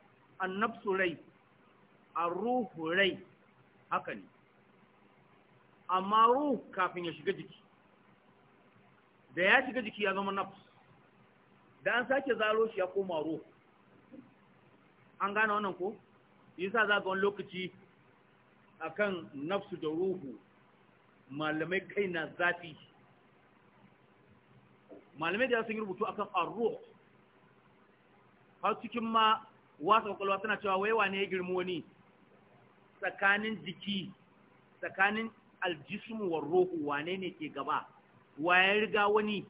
Speaker 1: nafsu rai a ruhu rai haka ne amma ruh kafin ya shiga jiki da ya shiga jiki ya zama nafs da an sake zaro shi ya koma ruh an gane wannan ko yasa za ga wani lokaci akan nafsu da ruhu malamai kai na zafi malamai da sun yi rubutu akan arruh har cikin ma wasa kwakwalwa suna cewa waiwa ne ya girmo wani tsakanin jiki tsakanin aljismu wa ruhu wane ne ke gaba waye riga wani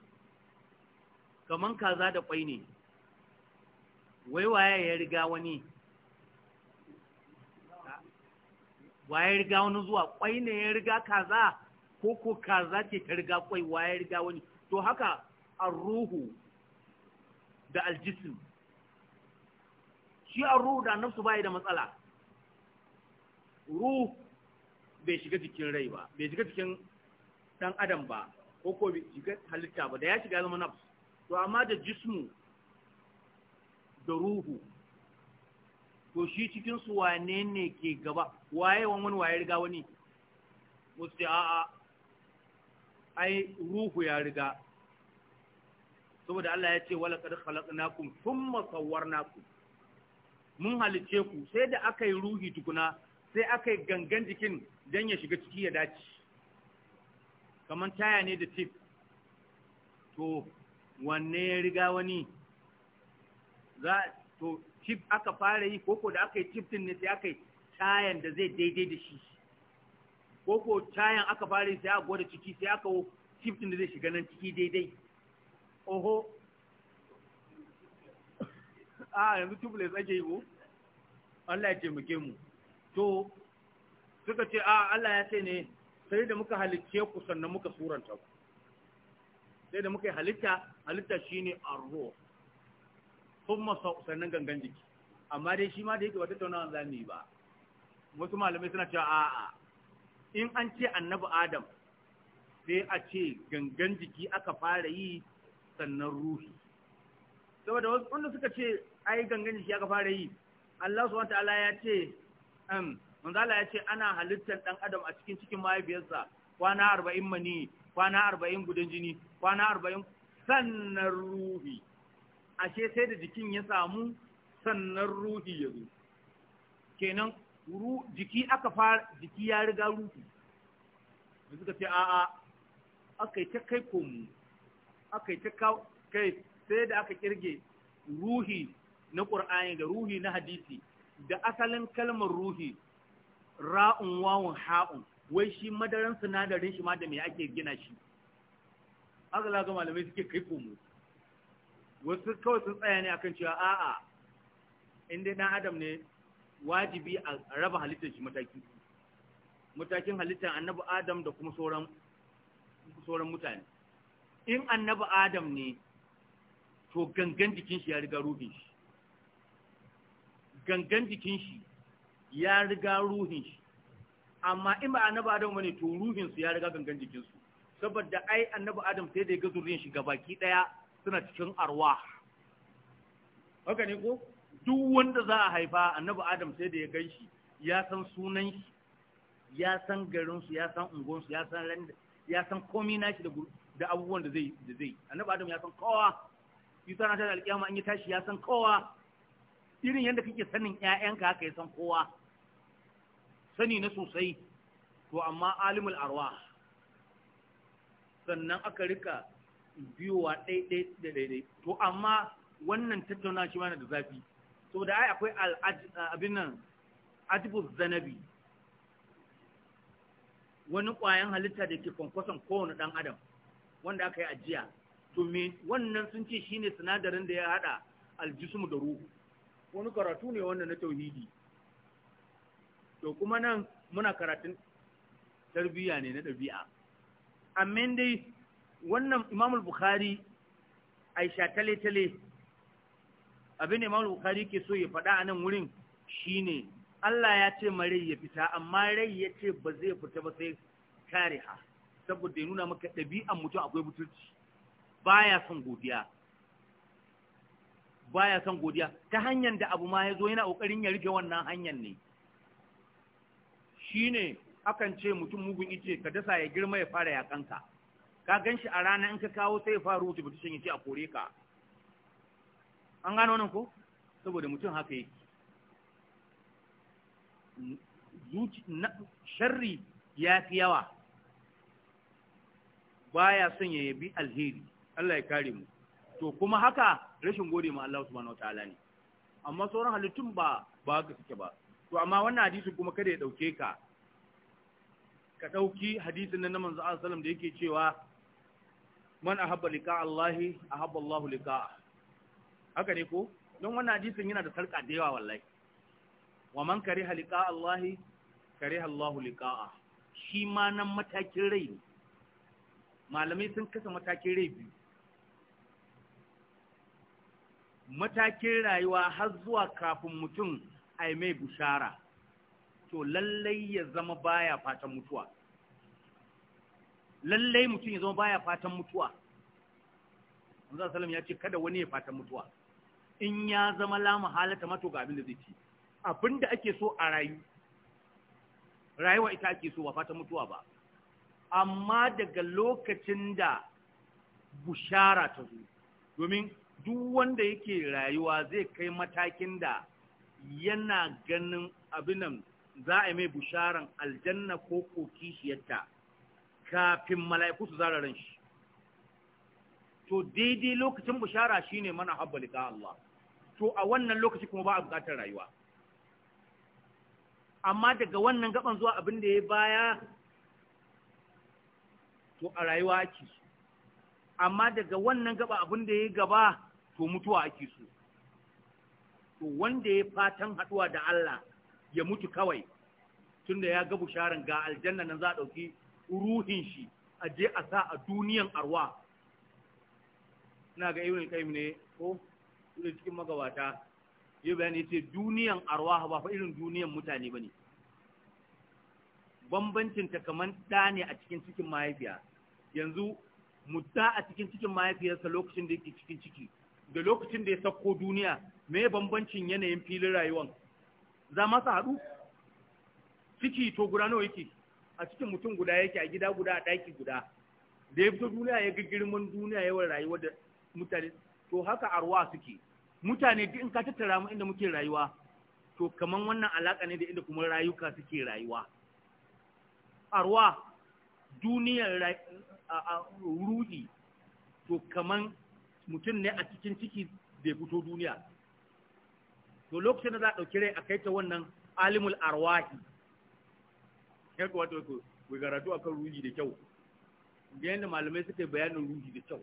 Speaker 1: kaman kaza da kwai ne wai waye ya riga wani waye riga wani zuwa kwai ne ya riga kaza ko ko kaza ce ta riga kwai waye riga wani to haka arruhu da aljisim shi arruhu da nafsu bai da matsala ruh bai shiga cikin rai ba bai shiga cikin dan adam ba ko ko bai shiga halitta ba da ya shiga zama nafsu to amma da jismu da ruhu to shi cikin su wane ne ke gaba waye wani waye riga wani musu a'a ai ruhu ya riga saboda Allah ya ce wala qad khalaqnakum thumma sawwarnakum mun halice ku sai da aka yi ruhi tukuna sai aka yi gangan jikin dan ya shiga ciki ya dace kamar taya ne da tip to wanne ya riga wani za to chip aka fara yi koko da aka yi chip din ne sai aka yi tayan da zai daidai da shi koko tayan aka fara yi sai aka gwada ciki sai aka chip din da zai shiga nan ciki daidai oho a ah, yanzu tubeless ake yi ko Allah ya taimake mu to suka ce a ah, Allah ya ce ne sai da muka halicce ku sannan muka suranta ku sai da muka yi halitta halitta shine ar-ruh sun sannan gangan jiki amma dai shi ma da yake wata tattaunawa za mu yi ba wasu malamai suna cewa a'a in an ce annabi adam sai a ce gangan jiki aka fara yi sannan ruhi saboda wasu wanda suka ce ai gangan jiki aka fara yi Allah subhanahu wataala ya ce um manzala ya ce ana halittar dan adam a cikin cikin mahaifiyarsa kwana arba'in mani kwana arba'in gudan jini kwana arba'in sannan ruhi ashe sai da jikin ya samu sannan ruhi ya zo kenan jiki aka fara jiki ya riga ruhi da suka ce a'a aka yi ta kai komu aka yi ta kai sai da aka kirge ruhi na ƙur'ani da ruhi na hadisi da asalin kalmar ruhi ra'un wawun ha'un wai shi madaran sinadarin shi ma da me ake gina shi aka laga malamai suke kai komo wasu kawai sun tsaya ne akan cewa a'a in dai adam ne wajibi a raba halittar shi mataki matakin halittar annabu adam da kuma sauran mutane in annabu adam ne to gangan jikin shi ya riga ruhin shi gangan jikin shi ya riga ruhin shi amma in ba annabu adam bane to ruhin su ya riga gangan jikin su saboda ai annabu adam sai da ya ga zuriyar shi baki daya suna cikin arwa haka ne ko duk wanda za a haifa annabi adam sai da ya gan shi ya san sunan shi ya san garinsu ya san unguwansu ya san randa ya san komai nashi da da abubuwan da zai da annabi adam ya san kowa isa na da alƙiyama an yi tashi ya san kowa irin yadda kake sanin 'ya'yanka haka ya san kowa sani na sosai to amma alimul arwa sannan aka rika biyowa ɗaiɗai da ɗaiɗai to amma wannan tattauna shi mana da zafi to da ai akwai abin nan ajibus zanabi wani ƙwayan halitta da ke kwankwason kowane ɗan adam wanda aka yi ajiya to me wannan sun ce shi ne sinadarin da ya haɗa aljismu da ruhu wani karatu ne wanda na tauhidi to kuma nan muna karatun tarbiyya ne na ɗabi'a amma dai wannan imam bukhari aisha tale-tale abin imam bukhari ke so ya faɗa a nan wurin shine Allah ya ce ma ya fita amma rai ya ce ba zai fita ba sai kariha saboda ya nuna maka ɗabi'an mutum akwai butulci baya son godiya baya son godiya ta hanyar da abu ma ya zo yana ƙoƙarin ya rufe wannan hanyar ne shine akan ce mutum mugun ice ka dasa ya girma ya fara yakanka ka gan shi a rana in ka kawo sai ya fara rubuta petition ya ce a kore ka an gano nan ko saboda mutum haka yake sharri ya fi yawa Ba ya son ya yabi alheri Allah ya kare mu to kuma haka rashin gode ma Allah subhanahu wataala ne amma sauran halittun ba ba haka suke ba to amma wannan hadisin kuma kada ya dauke ka ka dauki hadisin nan na manzo Allah sallallahu alaihi wasallam da yake cewa man ahabba lika Allahi ahabba Allahu lika haka ne ko don wannan hadisin yana da sarka da yawa wallahi wa man kariha lika Allahi kariha Allahu lika shi ma nan matakin rai ne malamai sun kasa matakin rai biyu matakin rayuwa har zuwa kafin mutum a mai bushara to lallai ya zama baya fatan mutuwa lallai mutum ya zama baya fatan mutuwa Hamza Salam ya ce kada wani ya fatan mutuwa in ya zama lama halata mato ga abin da zai ci abin da ake so a rayu rayuwa ita ake so ba fatan mutuwa ba amma daga lokacin da bushara ta zo domin duk wanda yake rayuwa zai kai matakin da yana ganin abinan za a mai busharan aljanna ko ko kafin mala'iku su zara ran shi to daidai lokacin bushara ne mana haɓa liƙa Allah to a wannan lokaci kuma ba a bukatar rayuwa amma daga wannan gaban zuwa abin da ya baya to a rayuwa ake su. amma daga wannan gaba abin da ya gaba to mutuwa ake su. to wanda ya fatan haduwa da Allah ya mutu kawai tunda ya ga busharan ga aljanna nan za a ɗauki. ruhin shi a je a sa a duniyan arwa na ga kai qayyim ne ko irin cikin magabata ya bayani ce duniyan arwa ba fa irin duniyan mutane bane bambancin ta kaman da ne a cikin cikin mahaifiya yanzu mutta a cikin cikin mahaifiyarsa lokacin da yake cikin ciki da lokacin da ya sako duniya me bambancin yanayin filin rayuwan za masa haɗu ciki to guda nawa yake a cikin mutum guda yake a gida guda a ɗaki guda da ya fito duniya ya ga girman duniya yawan rayuwa da mutane to haka arwa suke mutane duk in ka tattara mu inda muke rayuwa to kaman wannan alaka ne da inda kuma rayuka suke rayuwa arwa duniyar rudi to kaman mutum ne a cikin ciki da ya fito duniya to lokacin da za a ɗauki rai a kai ta wannan alimul arwahi ya kamata ku karatu akan ruhi da kyau da yadda malamai suka bayanin ruhi da kyau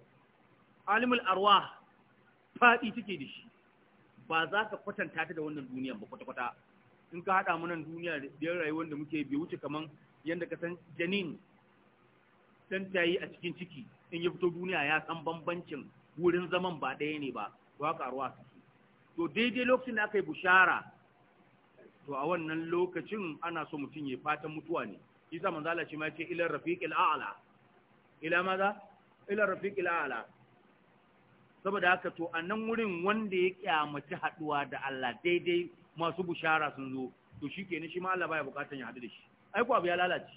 Speaker 1: alimul arwa faɗi take da shi ba za ka kwatanta ta da wannan duniya ba kwata-kwata in ka haɗa munan duniya da rayuwar da muke bai wuce kaman yanda ka san janin dan tayi a cikin ciki in ya fito duniya ya san bambancin wurin zaman ba daya ne ba ba haka arwa to daidai lokacin da aka yi bushara to a wannan lokacin ana so mutum ya fatan mutuwa ne shi sa manzala shi ma ce ilar rafiqil a'la ila maza ilar rafiqil a'la saboda haka to a nan wurin wanda ya kyamaci haduwa da Allah daidai masu bushara sun zo to shikenan shi ma Allah baya bukatan ya hadu da shi ai ko abu ya lalace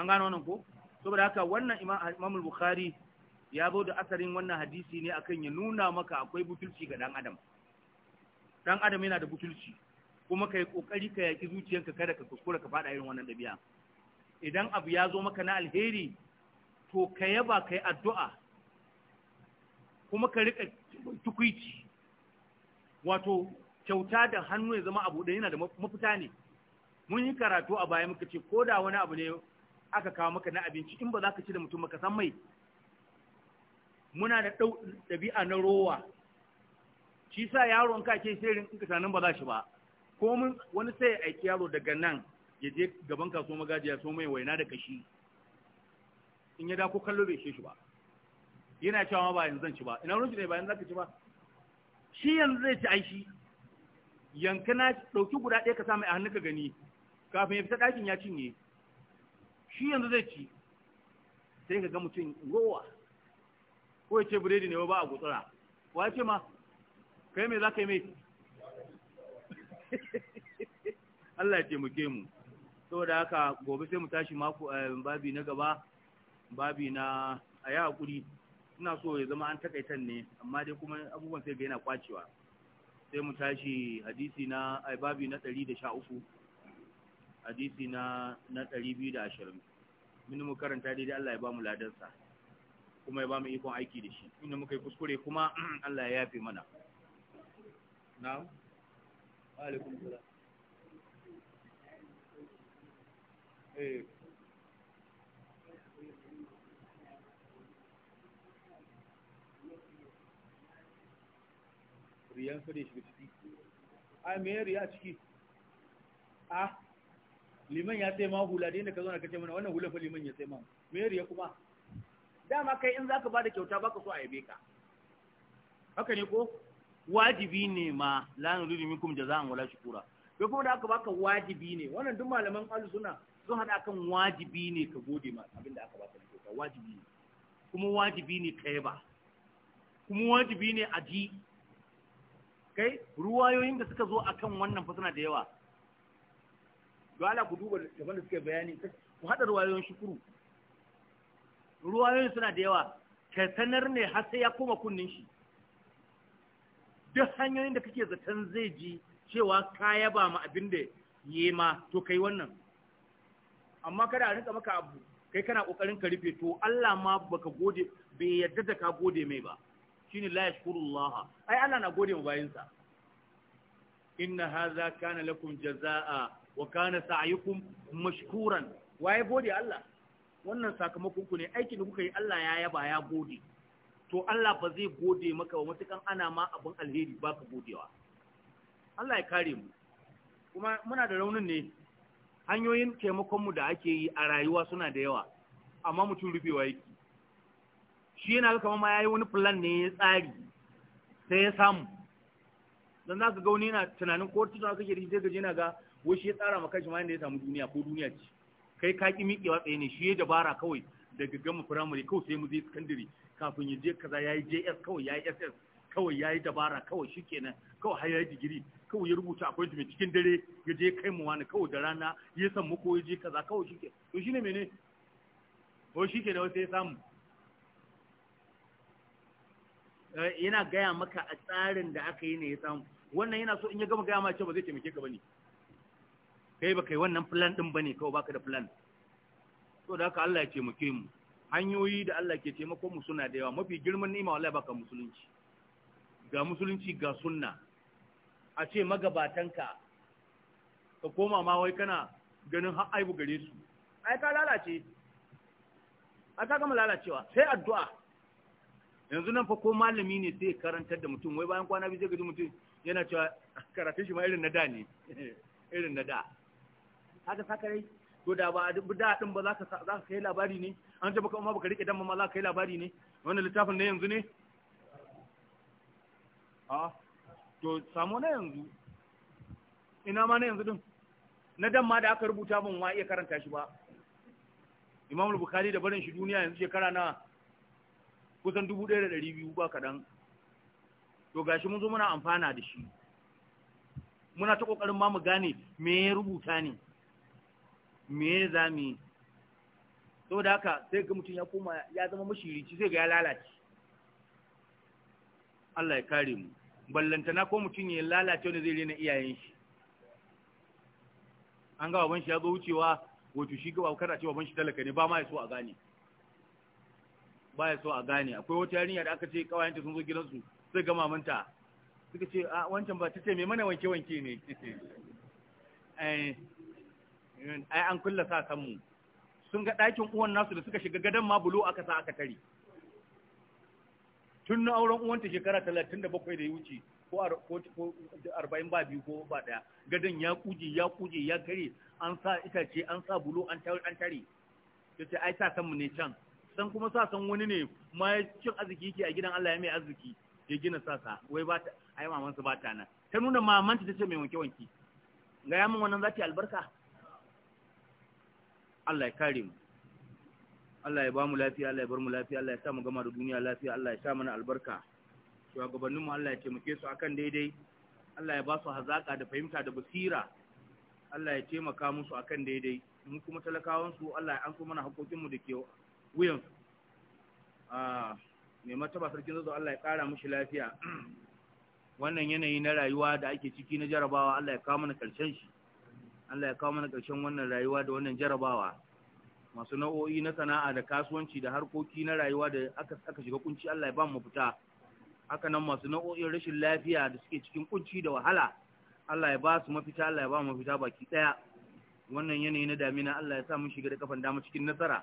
Speaker 1: an gano wannan ko saboda haka wannan Imam al-Bukhari ya zo da asarin wannan hadisi ne akan ya nuna maka akwai butulci ga dan adam dan adam yana da butulci kuma ka yi kokari ka yaki zuciyarka kada ka kuskura ka faɗa irin wannan ɗabi'a. idan abu ya zo maka na alheri to ka yaba ka yi addu'a kuma ka rika tukuici wato kyauta da hannu ya zama abu da yana da mafita ne mun yi karatu a baya muka ce ko da wani abu ne aka kawo maka na abinci in ba za ka ci da mutum ka san mai muna da ɗabi'a na rowa shi sa yaron ka ke sirrin in ka ba za shi ba ko mun wani sai ya aiki yaro daga nan ya je gaban kasuwar magajiya so mai waina da kashi in ya dako kallo bai shi ba yana cewa ma ba yanzu zan ci ba ina ruwan ne ba yanzu zaka ci ba shi yanzu zai ci ai shi yanka na dauki guda ɗaya ka sa mai a hannu ka gani kafin ya fita ɗakin ya cinye shi yanzu zai ci sai ka ga mutum rowa ko ya ce biredi ne ba a gutsura wa ce ma kai me za ka yi mai Allah ya taimake mu saboda haka gobe sai mu tashi mako eh, babi na gaba babi na a hakuri ina so ya zama an takaitan ne amma dai kuma abubuwan sai ga yana kwacewa sai mu tashi hadisi na babi na 113 hadisi na na 220 mun mu karanta daidai Allah ya ba mu kuma ya ba mu ikon aiki da shi inda muka yi kuskure kuma Allah ya yafe mana na'am alaikum salam eh riyan fare shi ciki a me riya ciki a ah, liman ya sai ma hula dai da ka zo na kace mana wannan hula fa liman ya sai ma me riya kuma dama kai in za zaka bada kyauta ba ka so a yabe ka haka ne ko wajibi ne ma la nuridu minkum jaza'an wala shukura to kuma da aka baka wajibi ne wannan duk malaman al sunna sun hada kan wajibi ne ka gode ma abin da aka baka ne ka wajibi ne kuma wajibi ne ka yaba kuma wajibi ne a ji kai ruwayoyin da suka zo akan wannan fasana da yawa ala ku duba da wanda suka bayani ku hada ruwayoyin shukuru ruwayoyin suna da yawa ka sanar ne har sai ya koma kunnin shi duk hanyoyin da kake zaton zai ji cewa ka yaba ma abin da yi ma to kai wannan amma kada a rinka maka abu kai kana kokarin ka rufe to Allah ma baka gode bai yarda da ka gode mai ba shine la yashkurullah ai Allah na gode mu bayinsa inna hadha kana lakum jazaa wa kana sa'yukum mashkuran waye gode Allah wannan sakamakon ku ne aikin da kuka yi Allah ya yaba ya gode to Allah ba zai gode maka ba matukan ana ma abin alheri ba ka godewa Allah ya kare mu kuma muna da raunin ne hanyoyin taimakonmu da ake yi a rayuwa suna da yawa amma mutum rufewa yake shi yana ga kamar ma yayi wani plan ne ya tsari sai ya samu dan za ka ga wani yana tunanin ko tunawa kake da shi na ga wai shi ya tsara maka shi ma yanda ya samu duniya ko duniya ce kai ka ki miƙewa tsaye ne shi ya dabara kawai daga gama firamare kawai sai mu je sakandare kafin ya je kaza ya yi js kawai ya yi ss kawai ya yi dabara kawai shi kenan kawai har ya yi digiri kawai ya rubuta appointment cikin dare ya je kai mu wani kawai da rana ya san muku ya je kaza kawai shi kenan to shi ne mene ko shi kenan wasu ya samu eh, yana gaya maka a tsarin da aka yi ne ya samu wannan yana so in ya gama gaya ma ce ba zai taimake ka bane kai ba kai wannan plan din bane kawai baka da plan so da haka Allah ya taimake mu hanyoyi da Allah ke taimakon mu suna da yawa mafi girman nima wallahi baka musulunci ga musulunci ga sunna a ce magabatanka ka koma ma wai kana ganin har aibu gare su ai ka lalace a ta gama lalacewa sai addu'a yanzu nan fa ko malami ne sai karantar da mutum wai bayan kwana biyu zai gaji mutum yana cewa karatun shi ma irin na da ne irin na da haka sakarai to da ba duk da din ba za ka za ka kai labari ne an ji baka amma baka rike dan ma za ka kai labari ne wannan littafin ne yanzu ne a to samu na yanzu ina ma ne yanzu din na dan ma da aka rubuta min wa iya karanta shi ba Imam Bukhari da barin shi duniya yanzu shekara na kusan 1200 ba kadan to gashi mun zo muna amfana da shi muna ta kokarin ma mu gane me ya rubuta ne me za mu yi saboda haka sai ga mutum ya koma ya zama mashirici sai ga ya lalace Allah ya kare mu ballantana ko mutum ya lalace wanda zai rena iyayen shi an ga baban shi ya zo wucewa wato shi ga kada ce baban shi talaka ne ba ma ya so a gane ba ya so a gane akwai wata yarinya da aka ce kawayenta sun zo gidansu sai ga mamanta suka ce a wancan ba ta ce mai mana wanke wanke ne eh, ai an kulla sa san mu sun ga ɗakin uwan nasu da suka shiga gadon ma bulo aka sa aka tare tun na auren uwanta shekara talatin da bakwai da ya wuce ko arba'in ba biyu ko ba ɗaya gadon ya kuje ya kuje ya kare an sa itace an sa bulo an tare ya ce ai sa san mu ne can san kuma sa san wani ne ma cin arziki yake a gidan Allah ya mai arziki ya gina sa wai ba ta ai mamansa ba ta nan ta nuna mamanta ta ce mai wanke wanke ga ya min wannan zaki albarka Allah ya kare mu Allah ya ba mu lafiya Allah ya bar mu lafiya Allah ya sa mu gama da duniya lafiya Allah ya sa mana albarka shugabannin mu Allah ya taimake su akan daidai Allah ya ba su hazaka da fahimta da basira Allah ya taimaka musu akan daidai mu kuma talakawan su Allah ya anso mana hakokin mu da ke wuyan su ah mai mataba sarkin zazo Allah ya kara mushi lafiya wannan yanayi na rayuwa da ake ciki na jarabawa Allah ya kawo mana karshen shi Allah ya kawo mana ƙarshen wannan rayuwa da wannan jarabawa masu nau'o'i na sana'a da kasuwanci da harkoki na rayuwa da aka aka shiga kunci Allah ya ba mu fita haka nan masu nau'o'in rashin lafiya da suke cikin kunci da wahala Allah ya ba su mafita Allah ya ba mu mafita baki daya wannan yanayi na damina Allah ya sa mun shiga da kafan dama cikin nasara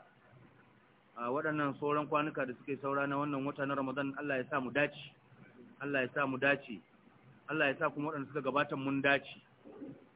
Speaker 1: a waɗannan sauran kwanuka da suke saura na wannan wata na Ramadan Allah ya sa mu dace Allah ya sa mu dace Allah ya sa kuma waɗanda suka gabata mun dace